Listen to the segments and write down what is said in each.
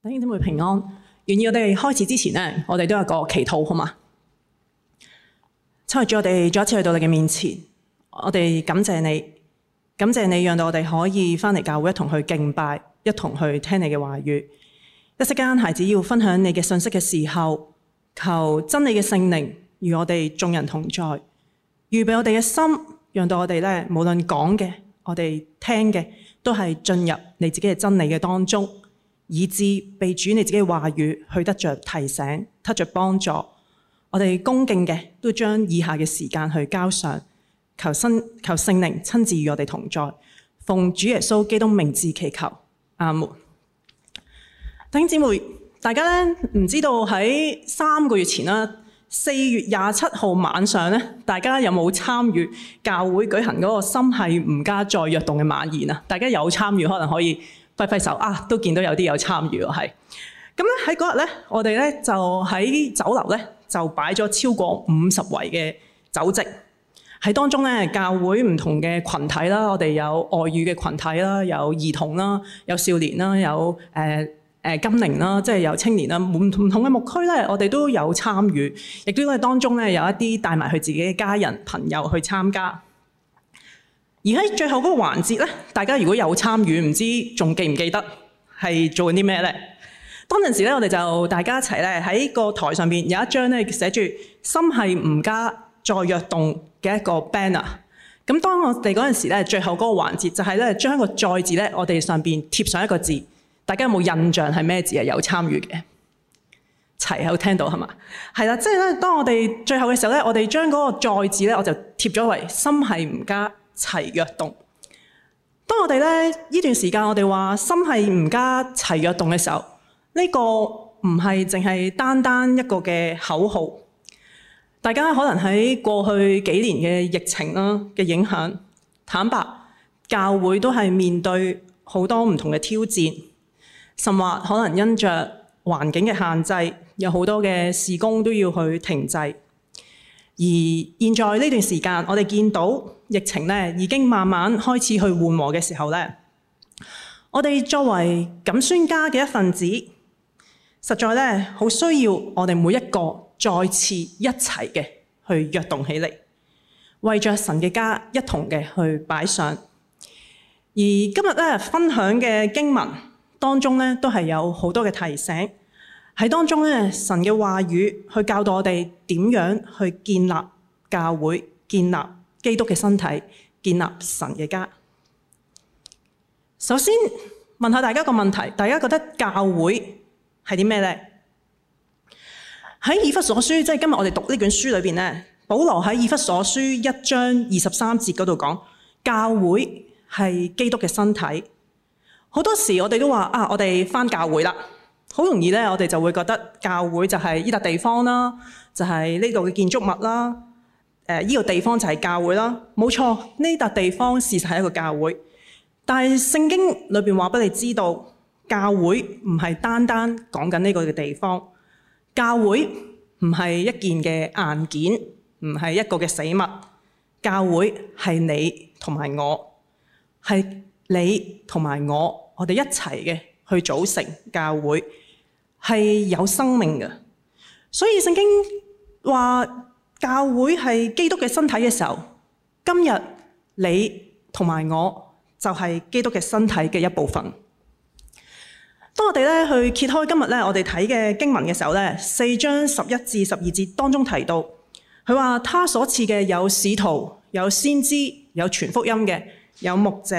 弟兄姊妹平安。願意我哋開始之前呢，我哋都有個祈禱，好嘛？七日我哋再一次去到你嘅面前，我哋感謝你，感謝你讓到我哋可以返嚟教會，一同去敬拜，一同去聽你嘅話語。一息間，孩子要分享你嘅信息嘅時候，求真理嘅聖靈與我哋眾人同在，預備我哋嘅心，讓到我哋咧，無論講嘅，我哋聽嘅，都係進入你自己嘅真理嘅當中。以致被主你自己話語去得着提醒，得着幫助，我哋恭敬嘅都將以下嘅時間去交上，求求聖靈親自與我哋同在，奉主耶穌基督名字祈求，阿門。弟兄姊妹，大家咧唔知道喺三個月前啦，四月廿七號晚上咧，大家有冇參與教會舉行嗰個心係唔加再躍動嘅晚宴啊？大家有參與，可能可以。.揮揮手啊，都見到有啲有參與。係咁咧，喺嗰日咧，我哋咧就喺酒樓咧就擺咗超過五十圍嘅酒席。喺當中咧教會唔同嘅群體啦，我哋有外語嘅群體啦，有兒童啦，有少年啦，有、呃呃、金齡啦，即係有青年啦，唔唔同嘅牧區咧，我哋都有參與，亦都喺當中咧有一啲帶埋佢自己嘅家人朋友去參加。而喺最後嗰個環節咧，大家如果有參與，唔知仲記唔記得係做緊啲咩咧？當陣時咧，我哋就大家一齊咧喺個台上邊有一張咧寫住心係唔加再躍動嘅一個 banner。咁當我哋嗰陣時咧，最後嗰個環節就係咧將個再字咧，我哋上邊貼上一個字。大家有冇印象係咩字啊？有參與嘅，齊有聽到係嘛？係啦，即係咧，當我哋最後嘅時候咧，我哋將嗰個再字咧，我就貼咗為心係唔加。齊躍動。當我哋這呢段時間，我哋話心係唔加齊躍動嘅時候，呢、這個唔係淨係單單一個嘅口號。大家可能喺過去幾年嘅疫情的嘅影響，坦白教會都係面對好多唔同嘅挑戰，甚至可能因着環境嘅限制，有好多嘅事工都要去停滯。而現在呢段時間，我哋見到疫情呢已經慢慢開始去緩和嘅時候呢，我哋作為錦宣家嘅一份子，實在呢好需要我哋每一個再次一齊嘅去躍動起嚟，為着神嘅家一同嘅去擺上。而今日呢分享嘅經文當中呢，都係有好多嘅提醒。喺當中咧，神嘅話語去教導我哋點樣去建立教會、建立基督嘅身體、建立神嘅家。首先問下大家個問題：大家覺得教會係啲咩呢？喺以弗所書，即係今日我哋讀呢卷書裏面呢，保羅喺以弗所書一章二十三節嗰度講，教會係基督嘅身體。好多時我哋都話啊，我哋翻教會啦好容易呢，我哋就會覺得教會就係呢笪地方啦，就係呢度嘅建築物啦。呢個地方就係教會啦。冇錯，呢笪地方事實係一個教會。但係聖經裏面話俾你知道，教會唔係單單講緊呢個嘅地方，教會唔係一件嘅硬件，唔係一個嘅死物。教會係你同埋我，係你同埋我，我哋一齊嘅，去組成教會係有生命嘅，所以聖經話教會係基督嘅身體嘅時候，今日你同埋我就係基督嘅身體嘅一部分。當我哋去揭開今日我哋睇嘅經文嘅時候，四章十一至十二節當中提到，佢話他所賜嘅有使徒，有先知，有傳福音嘅，有牧者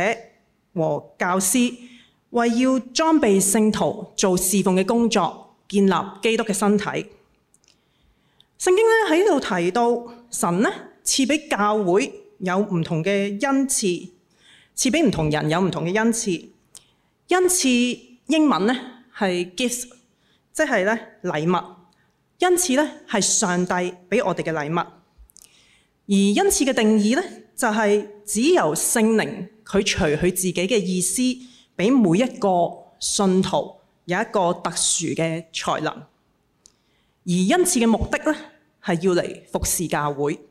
和教師。為要裝備聖徒做侍奉嘅工作，建立基督嘅身體。聖經咧喺度提到神賜俾教會有唔同嘅恩賜，賜俾唔同人有唔同嘅恩賜。恩賜英文咧係 gift，即係咧禮物。恩賜咧係上帝俾我哋嘅禮物。而恩賜嘅定義呢就係、是、只由聖靈佢除去自己嘅意思。俾每一個信徒有一個特殊嘅才能，而恩賜嘅目的咧係要嚟服侍教會。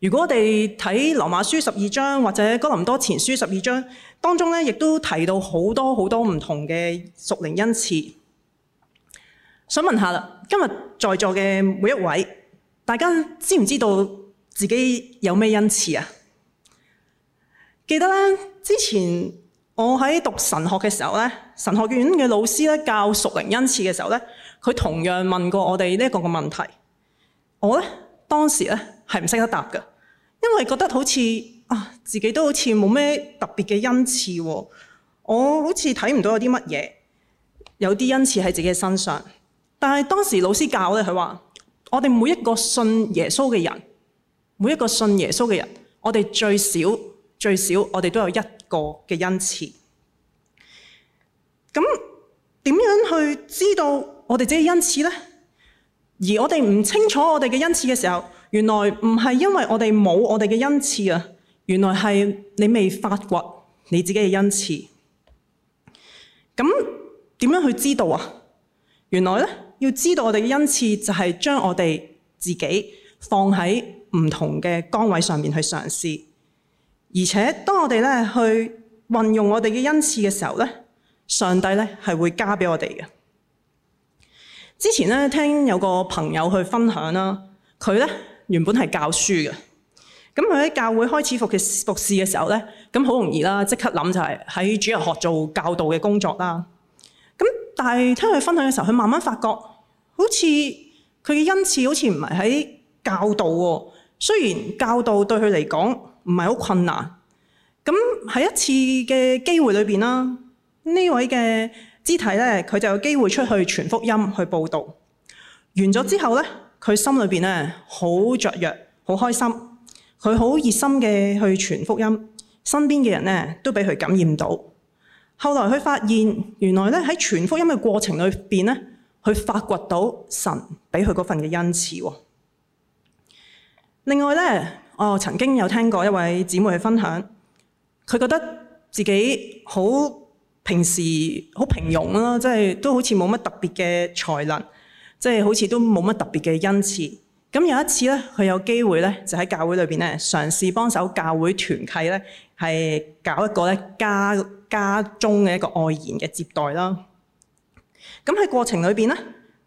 如果我哋睇羅馬書十二章或者哥林多前書十二章當中咧，亦都提到好多好多唔同嘅屬靈恩賜。想問一下啦，今日在座嘅每一位，大家知唔知道自己有咩恩賜啊？記得咧之前。我喺讀神學嘅時候咧，神學院嘅老師咧教屬靈恩賜嘅時候咧，佢同樣問過我哋呢一個嘅問題。我咧當時咧係唔識得答㗎，因為覺得好似啊自己都好似冇咩特別嘅恩賜喎，我好似睇唔到有啲乜嘢有啲恩賜喺自己身上。但係當時老師教咧，佢話：我哋每一個信耶穌嘅人，每一個信耶穌嘅人，我哋最少最少，最少我哋都有一個嘅恩賜，咁點樣去知道我哋自己嘅恩賜呢？而我哋唔清楚我哋嘅恩賜嘅時候，原來唔係因為我哋冇我哋嘅恩賜啊！原來係你未發掘你自己嘅恩賜。咁點樣去知道啊？原來咧，要知道我哋嘅恩賜，就係將我哋自己放喺唔同嘅崗位上面去嘗試。而且當我哋咧去運用我哋嘅恩賜嘅時候咧，上帝咧係會加俾我哋嘅。之前咧聽有個朋友去分享啦，佢咧原本係教書嘅，咁佢喺教會開始服事服事嘅時候咧，咁好容易啦，即刻諗就係喺主日學做教導嘅工作啦。咁但係聽佢分享嘅時候，佢慢慢發覺，好似佢嘅恩賜好似唔係喺教導喎，哦。雖然教導對佢嚟講，唔係好困難，咁喺一次嘅機會裏邊啦，呢位嘅肢體咧，佢就有機會出去傳福音去佈道。完咗之後咧，佢心裏邊咧好雀躍，好開心。佢好熱心嘅去傳福音，身邊嘅人咧都俾佢感染到。後來佢發現，原來咧喺傳福音嘅過程裏邊咧，佢發掘到神俾佢嗰份嘅恩賜喎。另外咧，我、哦、曾經有聽過一位姐妹嘅分享，佢覺得自己好平時好平庸啦，即、就、係、是、都好似冇乜特別嘅才能，即、就、係、是、好似都冇乜特別嘅恩賜。咁有一次呢她佢有機會咧，就喺教會裏面呢，嘗嘗試幫手教會團契，係搞一個家家中嘅一個愛筵嘅接待啦。咁喺過程裏面呢，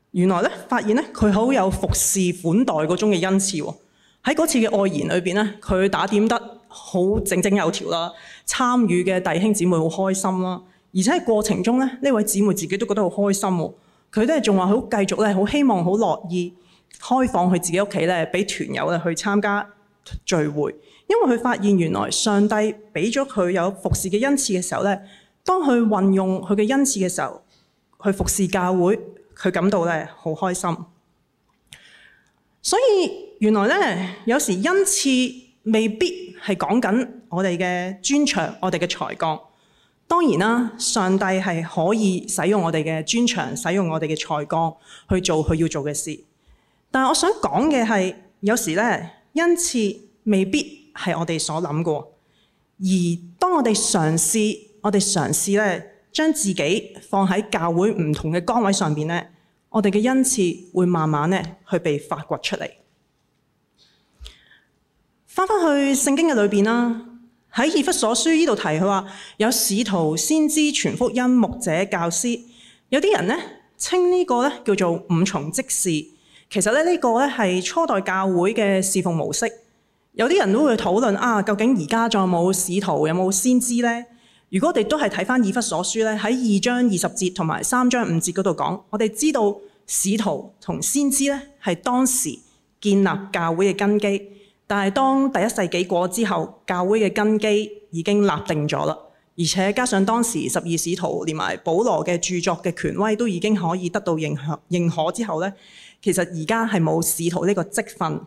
原來呢，發現呢，佢好有服侍款待嗰種嘅恩賜喎。喺嗰次嘅外延裏面，呢佢打點得好井井有條啦。參與嘅弟兄姊妹好開心啦，而且喺過程中呢，呢位姊妹自己都覺得好開心喎。佢都係仲話好繼續呢，好希望好樂意開放佢自己屋企咧，俾團友去參加聚會。因為佢發現原來上帝俾咗佢有服侍嘅恩賜嘅時候呢，當佢運用佢嘅恩賜嘅時候，去服侍教會，佢感到呢好開心。所以原來呢，有時恩賜未必係講緊我哋嘅專長，我哋嘅才幹。當然啦，上帝係可以使用我哋嘅專長，使用我哋嘅才幹去做佢要做嘅事。但我想講嘅係，有時呢，恩賜未必係我哋所諗過。而當我哋嘗試，我哋嘗試呢，將自己放喺教會唔同嘅崗位上面呢。我哋嘅恩賜會慢慢呢去被發掘出嚟。翻返去聖經嘅裏邊啦，喺以弗所書呢度提佢話，有使徒、先知、傳福音、牧者、教師。有啲人呢稱呢個呢叫做五重職事。其實呢，呢個呢係初代教會嘅侍奉模式。有啲人都會討論啊，究竟而家仲有冇使徒，有冇先知呢？」如果我哋都係睇翻《以弗所書》咧，喺二章二十節同埋三章五節嗰度講，我哋知道使徒同先知呢係當時建立教會嘅根基。但係當第一世紀過之後，教會嘅根基已經立定咗啦。而且加上當時十二使徒連埋保羅嘅著作嘅權威都已經可以得到認可，認可之後呢，其實而家係冇使徒呢個職分。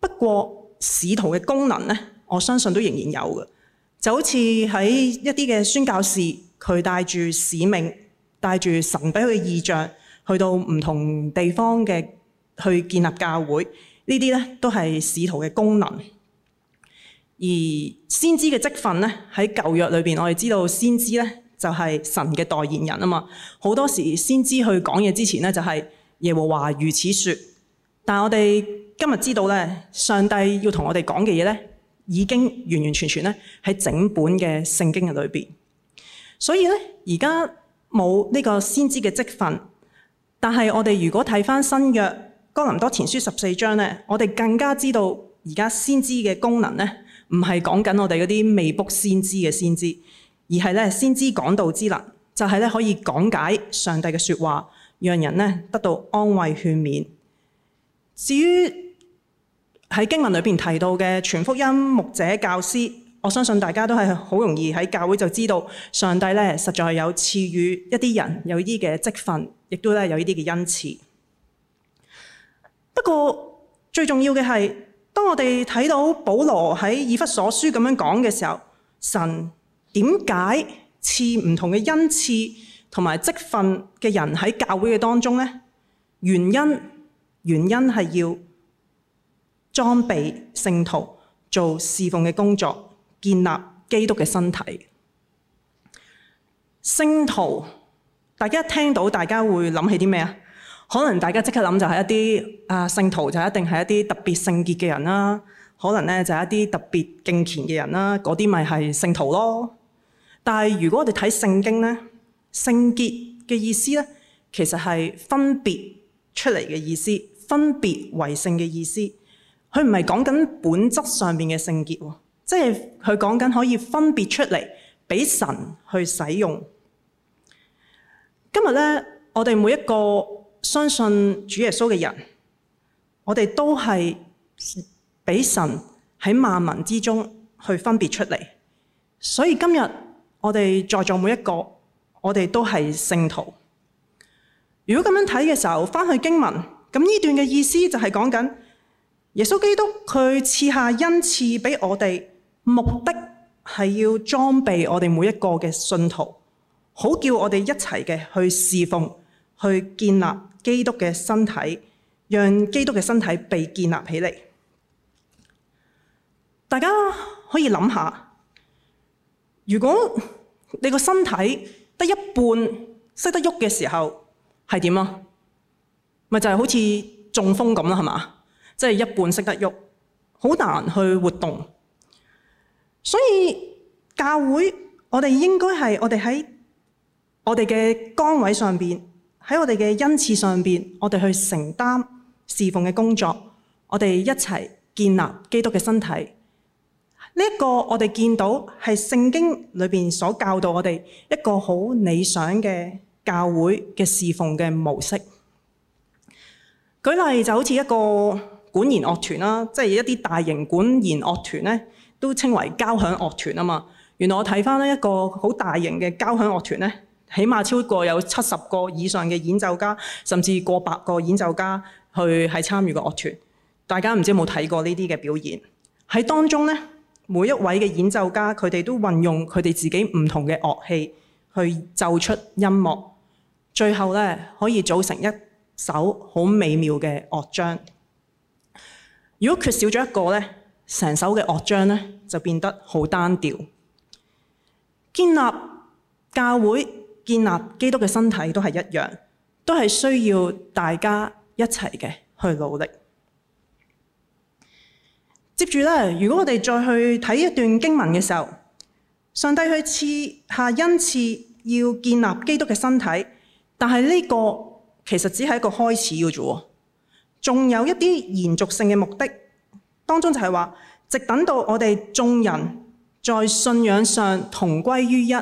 不過使徒嘅功能呢，我相信都仍然有嘅。就好似喺一啲嘅宣教士，佢帶住使命，帶住神俾佢嘅異象，去到唔同地方嘅去建立教會，這些呢啲呢都係使徒嘅功能。而先知嘅職份呢，喺舊約裏面我哋知道先知呢就係、是、神嘅代言人啊嘛。好多時先知去講嘢之前呢，就係、是、耶和華如此說。但我哋今日知道呢，上帝要同我哋講嘅嘢呢。已經完完全全咧喺整本嘅聖經嘅裏邊，所以咧而家冇呢個先知嘅職份。但係我哋如果睇翻新約哥林多前書十四章咧，我哋更加知道而家先知嘅功能咧，唔係講緊我哋嗰啲未卜先知嘅先知，而係咧先知講道之能，就係咧可以講解上帝嘅説話，讓人咧得到安慰勸勉。至於喺經文裏邊提到嘅全福音牧者教師，我相信大家都係好容易喺教會就知道上帝咧，實在係有賜予一啲人有呢啲嘅職分，亦都咧有呢啲嘅恩賜。不過最重要嘅係，當我哋睇到保羅喺以弗所書咁樣講嘅時候，神點解賜唔同嘅恩賜同埋職分嘅人喺教會嘅當中呢？原因原因係要裝備聖徒做侍奉嘅工作，建立基督嘅身體。聖徒，大家一聽到，大家會諗起啲咩？可能大家即刻諗就係一啲、啊、聖徒就係一定係一啲特別聖潔嘅人啦。可能呢，就係一啲特別敬虔嘅人啦。嗰啲咪係聖徒囉。但係如果我哋睇聖經呢，聖潔嘅意思呢，其實係分別出嚟嘅意思，分別為聖嘅意思。佢唔係講緊本質上面嘅聖潔喎，即係佢講緊可以分別出嚟畀神去使用。今日呢，我哋每一個相信主耶穌嘅人，我哋都係俾神喺萬民之中去分別出嚟。所以今日我哋在座每一個，我哋都係聖徒。如果咁樣睇嘅時候，翻去經文，咁呢段嘅意思就係講緊。耶穌基督佢賜下恩賜俾我哋，目的是要裝備我哋每一個嘅信徒，好叫我哋一齊嘅去侍奉，去建立基督嘅身體，讓基督嘅身體被建立起嚟。大家可以諗下，如果你個身體得一半識得喐嘅時候，係點啊？咪就係好似中風咁啦，係咪？即係一半識得喐，好難去活動。所以教會，我哋應該係我哋喺我哋嘅崗位上面、喺我哋嘅恩賜上面，我哋去承擔侍奉嘅工作，我哋一齊建立基督嘅身體。呢一個我哋見到係聖經裏面所教導我哋一個好理想嘅教會嘅侍奉嘅模式。舉例就好似一個管弦樂團啦，即係一啲大型管弦樂團咧，都稱為交響樂團啊嘛。原來我睇翻呢一個好大型嘅交響樂團咧，起碼超過有七十個以上嘅演奏家，甚至過百個演奏家去喺參與個樂團。大家唔知有冇睇過呢啲嘅表演？喺當中咧，每一位嘅演奏家佢哋都運用佢哋自己唔同嘅樂器去奏出音樂，最後咧可以組成一首好美妙嘅樂章。如果缺少咗一個咧，成首嘅樂章就變得好單調。建立教會、建立基督嘅身體都係一樣，都係需要大家一齊嘅去努力。接住呢，如果我哋再去睇一段經文嘅時候，上帝去賜下恩賜，要建立基督嘅身體，但係呢個其實只係一個開始嘅啫喎。仲有一啲延續性嘅目的，當中就係話，直等到我哋眾人在信仰上同歸於一，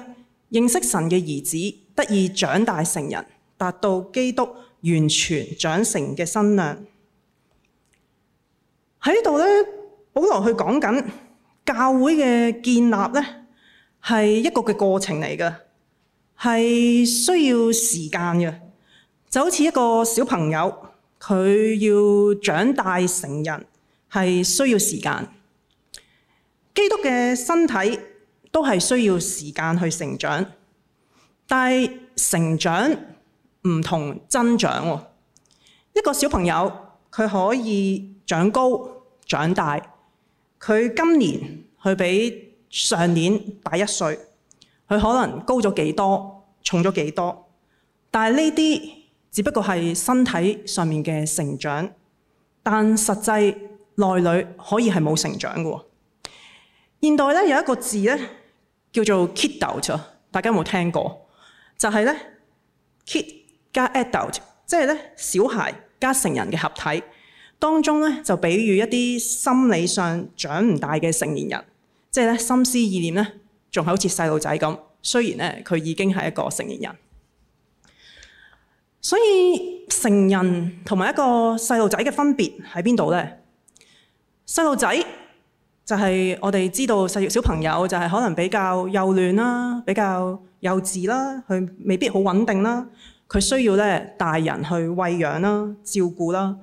認識神嘅兒子，得以長大成人，達到基督完全長成嘅身量。喺度咧，保羅去講緊教會嘅建立咧，係一個嘅過程嚟嘅，係需要時間嘅，就好似一個小朋友。佢要長大成人係需要時間，基督嘅身體都係需要時間去成長。但係成長唔同增長喎。一個小朋友佢可以長高長大，佢今年佢比上年大一歲，佢可能高咗幾多，重咗幾多，但係呢啲，只不過係身體上面嘅成長，但實際內裏可以係冇成長嘅。現代呢有一個字叫做 kidult 大家有冇有聽過？就係呢 kid 加 adult，即係呢小孩加成人嘅合體。當中呢就比喻一啲心理上長唔大嘅成年人，即係呢心思意念呢仲係好似細路仔咁。雖然呢佢已經係一個成年人。所以成人同埋一個細路仔嘅分別喺邊度呢？細路仔就係我哋知道細小朋友就係可能比較幼嫩啦，比較幼稚啦，佢未必好穩定啦。佢需要咧大人去餵養啦、照顧啦。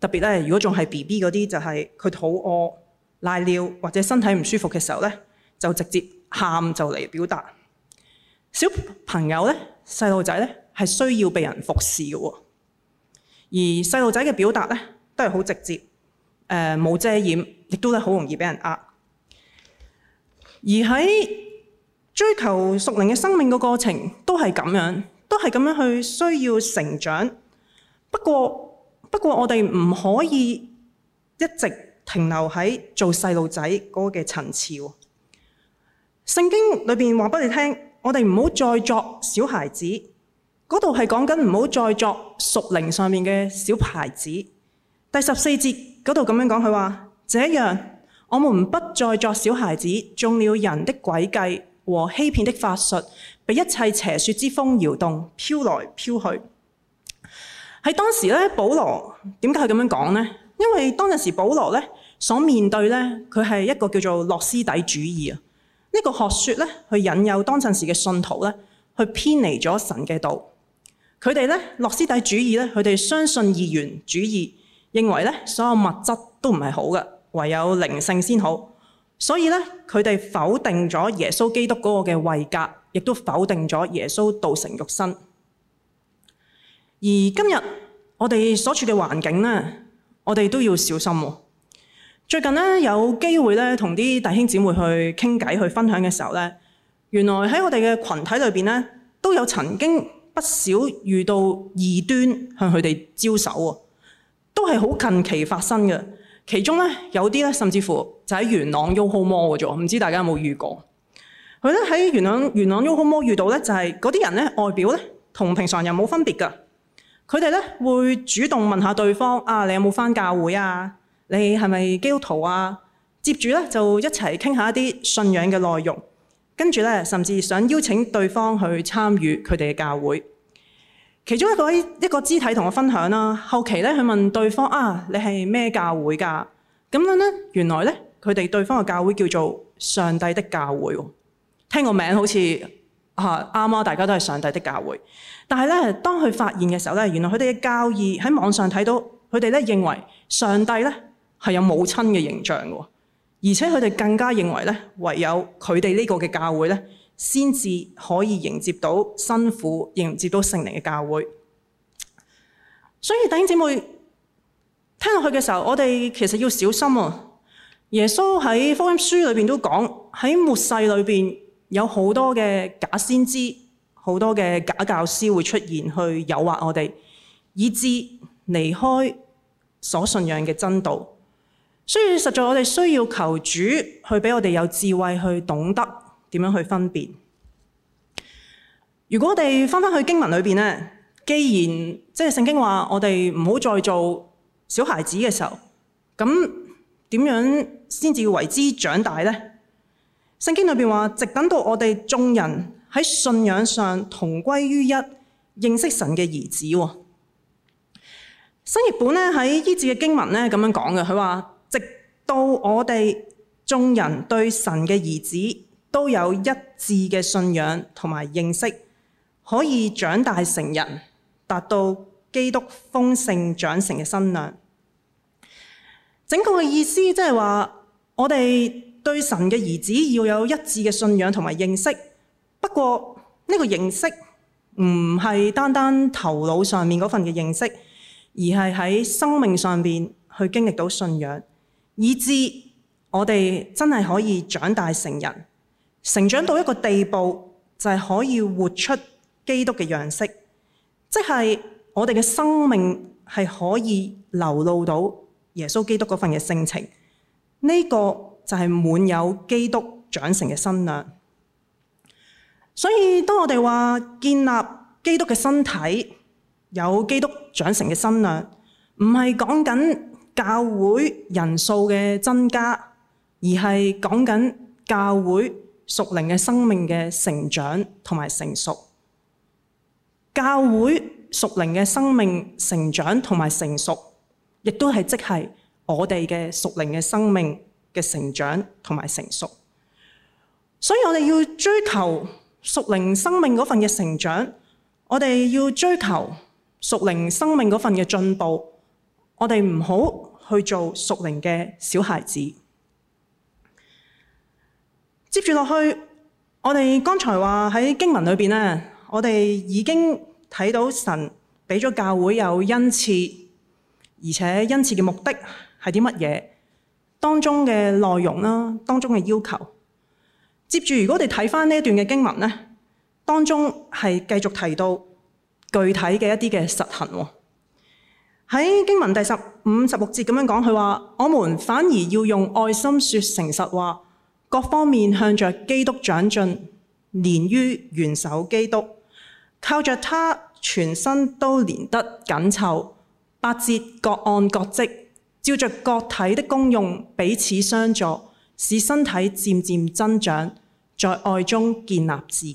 特別咧，如果仲係 B B 嗰啲，就係、是、佢肚餓、瀨尿或者身體唔舒服嘅時候咧，就直接喊就嚟表達。小朋友咧，細路仔咧。係需要被人服侍嘅喎，而細路仔嘅表達呢，都係好直接，誒、呃、冇遮掩，亦都係好容易俾人呃。而喺追求熟齡嘅生命嘅過程，都係咁樣，都係咁樣去需要成長。不過不過，我哋唔可以一直停留喺做細路仔嗰個嘅層次喎。聖經裏邊話俾你聽，我哋唔好再作小孩子。嗰度係講緊唔好再作屬靈上面嘅小孩子。第十四節嗰度咁樣講，佢話：這樣我們不再作小孩子，中了人的詭計和欺騙的法術，被一切邪説之風搖動，飄來飄去。喺當時呢，保羅點解佢咁樣講呢？因為當陣時保羅呢，所面對呢，佢係一個叫做諾斯底主義呢、呢個學説呢，去引誘當陣時嘅信徒呢，去偏離咗神嘅道。佢哋呢，諾斯底主義呢，佢哋相信二元主義，認為呢所有物質都唔係好嘅，唯有靈性先好。所以呢，佢哋否定咗耶穌基督嗰個嘅位格，亦都否定咗耶穌道成肉身。而今日我哋所處嘅環境呢，我哋都要小心哦。最近呢，有機會呢同啲弟兄姊妹去傾偈、去分享嘅時候呢，原來喺我哋嘅群體裏面呢，都有曾經不少遇到異端向佢哋招手啊，都係好近期發生嘅。其中咧有啲咧甚至乎就喺元朗 YOHO Mall 嘅啫，唔知大家有冇遇過？佢咧喺元朗元朗 YOHO Mall 遇到咧，就係嗰啲人咧外表咧同平常人冇分別㗎。佢哋咧會主動問下對方：啊，你有冇返教會啊？你係咪基督徒啊？接住咧就一齊傾下一啲信仰嘅內容。跟住咧，甚至想邀請對方去參與佢哋嘅教會。其中一個一個肢體同我分享啦。後期咧，佢問對方：啊，你係咩教會㗎？咁樣咧，原來咧，佢哋對方嘅教會叫做上帝的教會聽。聽個名好似嚇啱啱，大家都係上帝的教會。但係咧，當佢發現嘅時候咧，原來佢哋嘅教義喺網上睇到，佢哋咧認為上帝咧係有母親嘅形象㗎。而且佢哋更加認為唯有佢哋呢個嘅教會才先至可以迎接到辛苦、迎接到聖靈嘅教會。所以弟兄姐妹聽落去嘅時候，我哋其實要小心啊！耶穌喺福音書裏面都講，喺末世裏面有好多嘅假先知、好多嘅假教師會出現，去誘惑我哋，以致離開所信仰嘅真道。所以實在我哋需要求主去給我哋有智慧去懂得點樣去分辨。如果我哋翻翻去經文裏面呢，既然即係聖經話我哋唔好再做小孩子嘅時候，咁點樣先至為之長大呢？聖經裏面話直等到我哋眾人喺信仰上同歸於一，認識神嘅兒子。新譯本咧，喺醫治嘅經文咧咁樣講嘅，佢直到我哋眾人對神嘅兒子都有一致嘅信仰同埋認識，可以長大成人，達到基督豐盛長成嘅身量。整個嘅意思即係話，我哋對神嘅兒子要有一致嘅信仰同埋認識。不過呢個認識唔係單單頭腦上面嗰份嘅認識，而係喺生命上面去經歷到信仰。以致我哋真係可以長大成人，成長到一個地步就係可以活出基督嘅樣式，即係我哋嘅生命係可以流露到耶穌基督嗰份嘅性情。呢個就係滿有基督長成嘅新娘。所以當我哋話建立基督嘅身體，有基督長成嘅新娘，唔係講緊。教會人數嘅增加，而係講緊教會屬靈嘅生命嘅成長同埋成熟。教會屬靈嘅生命成長同埋成熟，亦都係即係我哋嘅屬靈嘅生命嘅成長同埋成熟。所以我哋要追求屬靈生命嗰份嘅成長，我哋要追求屬靈生命嗰份嘅進步。我哋唔好去做屬靈嘅小孩子。接住落去，我哋剛才話喺經文裏邊咧，我哋已經睇到神俾咗教會有恩賜，而且恩賜嘅目的係啲乜嘢？當中嘅內容啦，當中嘅要求。接住，如果我哋睇翻呢一段嘅經文咧，當中係繼續提到具體嘅一啲嘅實行。喺經文第十五、十六節咁樣講，佢話：我們反而要用愛心說誠實話，各方面向着基督長進，連於元首基督，靠着他全身都連得緊湊，百節各按各職，照着各體的功用彼此相助，使身體漸漸增長，在愛中建立自己。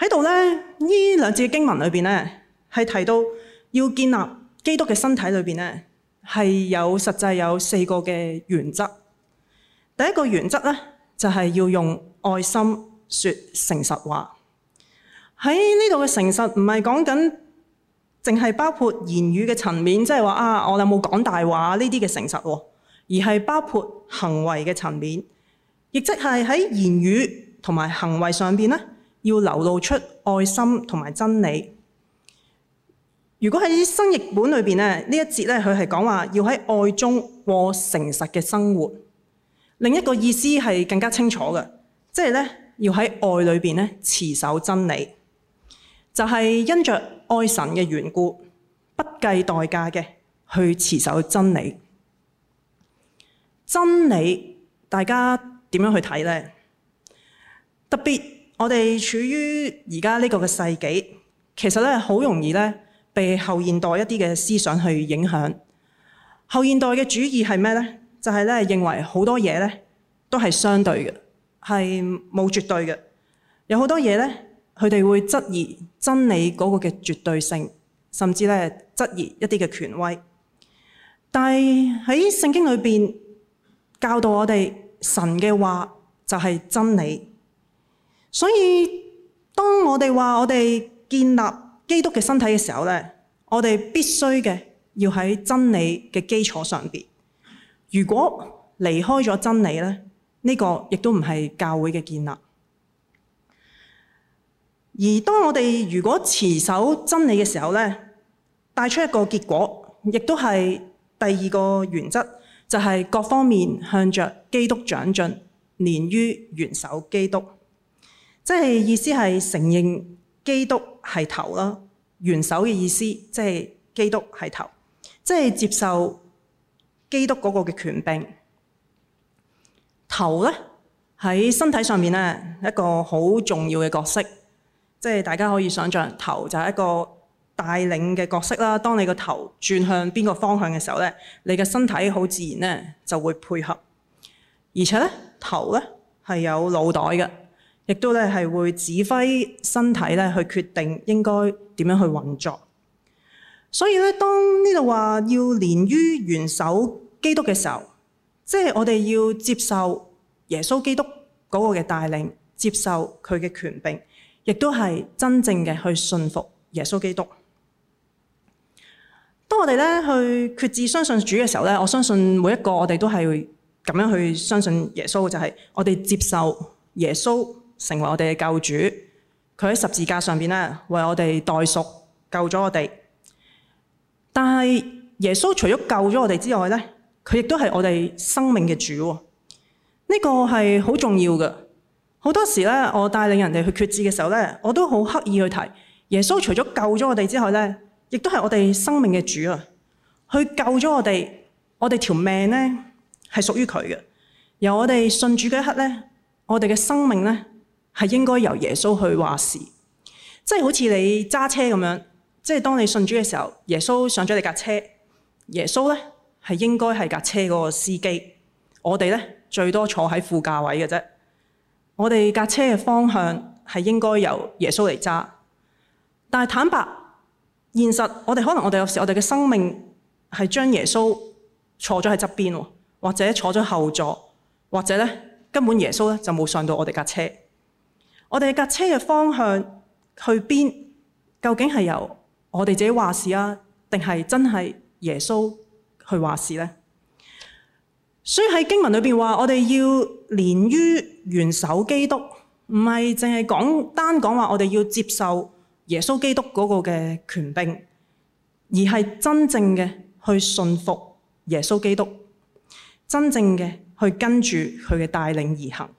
喺度咧，呢兩節經文裏面呢，係提到。要建立基督嘅身體裏面，咧，係有實際有四個嘅原則。第一個原則呢，就係、是、要用愛心說誠實話。喺呢度嘅誠實唔係講緊淨係包括言語嘅層面，即係話啊，我有冇講大話呢啲嘅誠實喎，而係包括行為嘅層面，亦即係喺言語同埋行為上面呢，要流露出愛心同埋真理。如果喺新譯本裏面呢，呢一節咧佢係講話要喺愛中過誠實嘅生活。另一個意思係更加清楚嘅，即係咧要喺愛裏面呢，持守真理，就係因着愛神嘅緣故，不計代價嘅去持守真理。真理大家點樣去睇呢？特別我哋處於而家呢個嘅世紀，其實呢，好容易被後現代一啲嘅思想去影響，後現代嘅主義係咩呢？就係、是、咧認為好多嘢咧都係相對嘅，係冇絕對嘅。有好多嘢咧，佢哋會質疑真理嗰個嘅絕對性，甚至咧質疑一啲嘅權威。但係喺聖經裏邊教導我哋，神嘅話就係真理。所以當我哋話我哋建立。基督嘅身體嘅時候咧，我哋必須嘅要喺真理嘅基礎上邊。如果離開咗真理咧，呢、這個亦都唔係教會嘅建立。而當我哋如果持守真理嘅時候咧，帶出一個結果，亦都係第二個原則，就係、是、各方面向着基督長進，連於元首基督。即係意思係承認。基督係頭啦，元首嘅意思，即係基督係頭，即係接受基督嗰個嘅權柄。頭呢，喺身體上面呢，一個好重要嘅角色，即係大家可以想像，頭就係一個帶領嘅角色啦。當你個頭轉向邊個方向嘅時候呢，你嘅身體好自然呢就會配合，而且呢，頭呢係有腦袋嘅。亦都咧係會指揮身體咧去決定應該點樣去運作，所以咧當呢度話要連於元首基督嘅時候，即係我哋要接受耶穌基督嗰個嘅帶領，接受佢嘅權柄，亦都係真正嘅去信服耶穌基督。當我哋咧去決志相信主嘅時候咧，我相信每一個我哋都係咁樣去相信耶穌，就係我哋接受耶穌。成為我哋嘅救主，佢喺十字架上邊咧，為我哋代贖救咗我哋。但係耶穌除咗救咗我哋之外咧，佢亦都係我哋生命嘅主。呢個係好重要嘅。好多時咧，我帶領人哋去決志嘅時候咧，我都好刻意去提耶穌除咗救咗我哋之外咧，亦都係我哋生命嘅主啊。佢救咗我哋，我哋條命咧係屬於佢嘅。由我哋信主嗰一刻咧，我哋嘅生命咧。係應該由耶穌去話事，即係好似你揸車咁樣，即係當你信主嘅時候，耶穌的耶穌，耶穌上咗你架車呢，耶穌咧係應該係架車嗰個司機，我哋咧最多坐喺副駕位嘅啫。我哋架車嘅方向係應該由耶穌嚟揸，但係坦白現實我們，我哋可能我哋有時我哋嘅生命係將耶穌坐咗喺側邊，或者坐咗後座，或者咧根本耶穌咧就冇上到我哋架車。我哋架車嘅方向去邊？究竟係由我哋自己話事啊，定係真係耶穌去話事呢？所以喺經文裏面話，我哋要連於元首基督，唔係淨係講單講話我哋要接受耶穌基督嗰個嘅權柄，而係真正嘅去信服耶穌基督，真正嘅去跟住佢嘅帶領而行。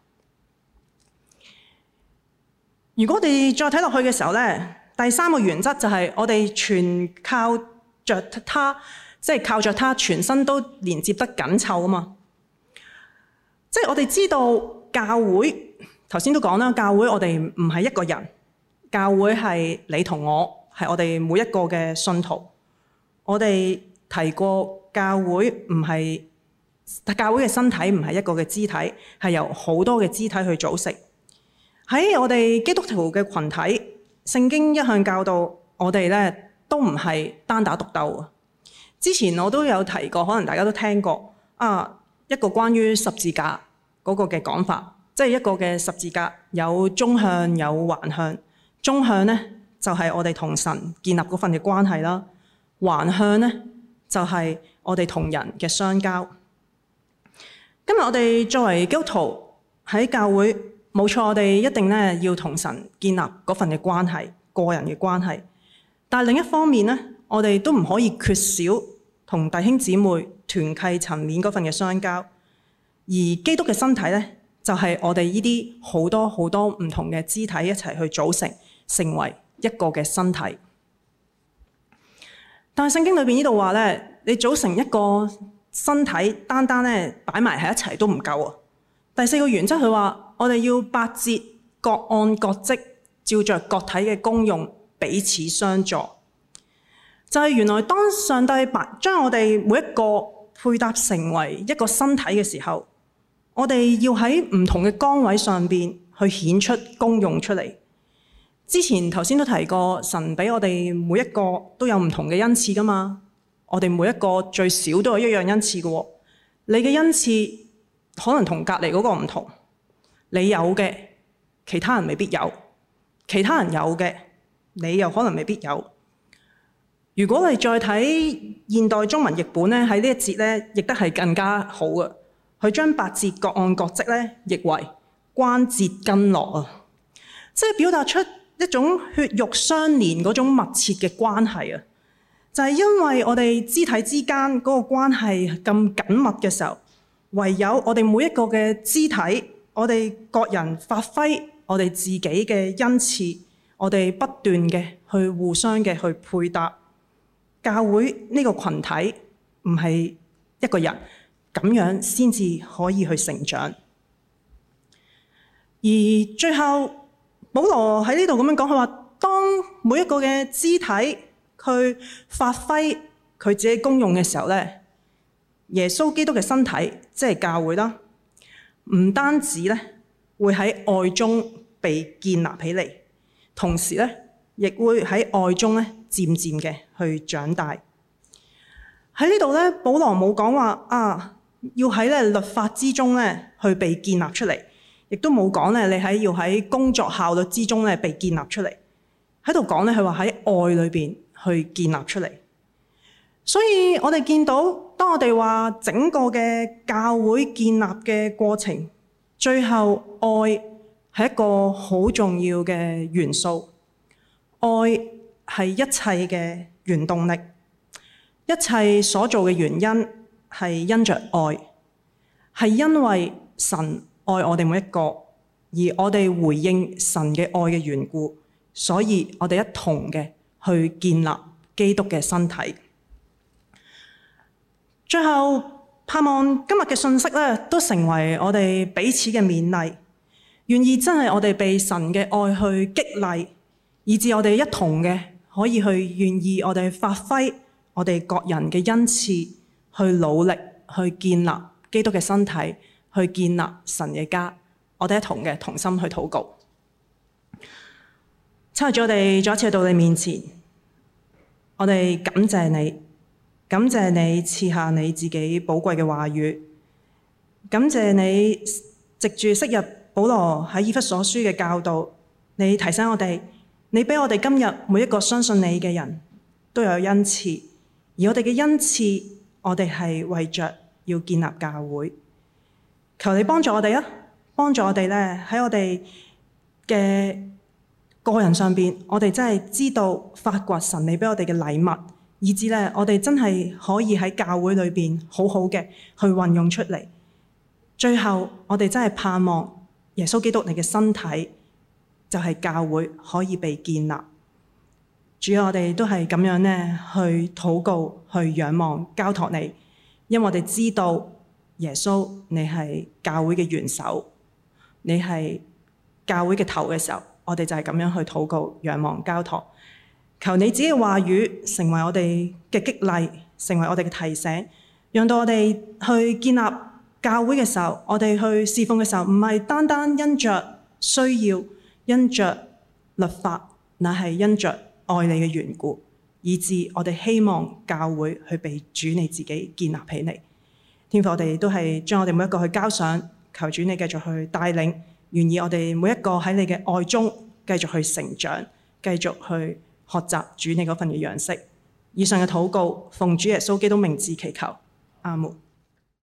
如果我哋再睇落去嘅時候呢，第三個原則就係我哋全靠着他，即係靠着他，全身都連接得緊湊吖嘛！即係我哋知道教會，頭先都講啦，教會我哋唔係一個人，教會係你同我，係我哋每一個嘅信徒。我哋提過教會唔係，教會嘅身體唔係一個嘅肢體，係由好多嘅肢體去組成。喺我哋基督徒嘅群體，聖經一向教導我哋呢都唔係單打獨鬥。之前我都有提過，可能大家都聽過啊，一個關於十字架嗰個嘅講法，即係一個嘅十字架有中向有橫向，中向呢就係我哋同神建立嗰份嘅關係啦，橫向呢就係我哋同人嘅相交。今日我哋作為基督徒喺教會。冇錯，我哋一定要同神建立嗰份嘅關係，個人嘅關係。但另一方面，我哋都唔可以缺少同弟兄姊妹團契層面嗰份嘅相交。而基督嘅身體呢，就係、是、我哋呢啲好多好多唔同嘅肢體一齊去組成，成為一個嘅身體。但係聖經裏面呢度話，呢你組成一個身體，單單擺擺埋喺一齊都唔夠啊！第四個原則佢話。我哋要八節各按各職，照着各體嘅功用彼此相助。就是原來當上帝把將我哋每一個配搭成為一個身體嘅時候，我哋要喺唔同嘅崗位上面去顯出功用出嚟。之前頭先都提過，神俾我哋每一個都有唔同嘅恩賜㗎嘛。我哋每一個最少都有一樣恩賜㗎喎。你嘅恩賜可能同隔籬嗰個唔同。你有嘅其他人未必有，其他人有嘅你又可能未必有。如果你再睇現代中文譯本在這呢，喺呢一節呢，譯得係更加好啊。佢將百節各按各職呢譯為關節筋絡啊，即係表達出一種血肉相連嗰種密切嘅關係啊。就係、是、因為我哋肢體之間嗰個關係咁緊密嘅時候，唯有我哋每一個嘅肢體。我哋各人發揮我哋自己嘅恩賜，我哋不斷嘅去互相嘅去配搭，教會呢個群體唔係一個人咁樣先至可以去成長。而最後，保羅喺呢度咁樣講，佢話：當每一個嘅肢體去發揮佢自己功用嘅時候，耶穌基督嘅身體即係教會啦。唔單止咧，會喺愛中被建立起嚟，同時咧，亦會喺愛中咧漸漸嘅去長大。喺呢度咧，保羅冇講話啊，要喺咧律法之中咧去被建立出嚟，亦都冇講咧你喺要喺工作效率之中咧被建立出嚟。喺度講咧，佢話喺愛裏面去建立出嚟。所以我哋見到。當我哋話整個嘅教會建立嘅過程，最後愛係一個好重要嘅元素，愛係一切嘅原動力，一切所做嘅原因係因着愛，係因為神愛我哋每一個，而我哋回應神嘅愛嘅緣故，所以我哋一同嘅去建立基督嘅身體。最後盼望今日嘅信息都成為我哋彼此嘅勉勵，願意真係我哋被神嘅愛去激勵，以至我哋一同嘅可以去願意，我哋發揮我哋各人嘅恩賜，去努力去建立基督嘅身體，去建立神嘅家。我哋一同嘅同心去禱告。親愛的，我哋再一次到你面前，我哋感謝你。感謝你賜下你自己寶貴嘅話語，感謝你藉住昔日保羅喺以弗所書嘅教導，你提醒我哋，你畀我哋今日每一個相信你嘅人都有恩賜，而我哋嘅恩賜，我哋係為着要建立教會。求你幫助我哋啊，幫助我哋呢。喺我哋嘅個人上邊，我哋真係知道發掘神你畀我哋嘅禮物。以致咧，我哋真係可以喺教會裏面好好嘅去運用出嚟。最後，我哋真係盼望耶穌基督你嘅身體就係教會可以被建立。主要我哋都係咁樣咧去禱告、去仰望、交託你，因為我哋知道耶穌你係教會嘅元首，你係教會嘅頭嘅時候，我哋就係咁樣去禱告、仰望、交託。求你自己嘅話語成為我哋嘅激勵，成為我哋嘅提醒，讓到我哋去建立教會嘅時候，我哋去侍奉嘅時候，唔係單單因着需要、因着律法，乃係因着愛你嘅緣故，以致我哋希望教會去被主你自己建立起嚟。天父，我哋都係將我哋每一個去交上，求主你繼續去帶領，願意我哋每一個喺你嘅愛中繼續去成長，繼續去。學習主你嗰份嘅樣式。以上嘅禱告，奉主耶穌基督名字祈求，阿門。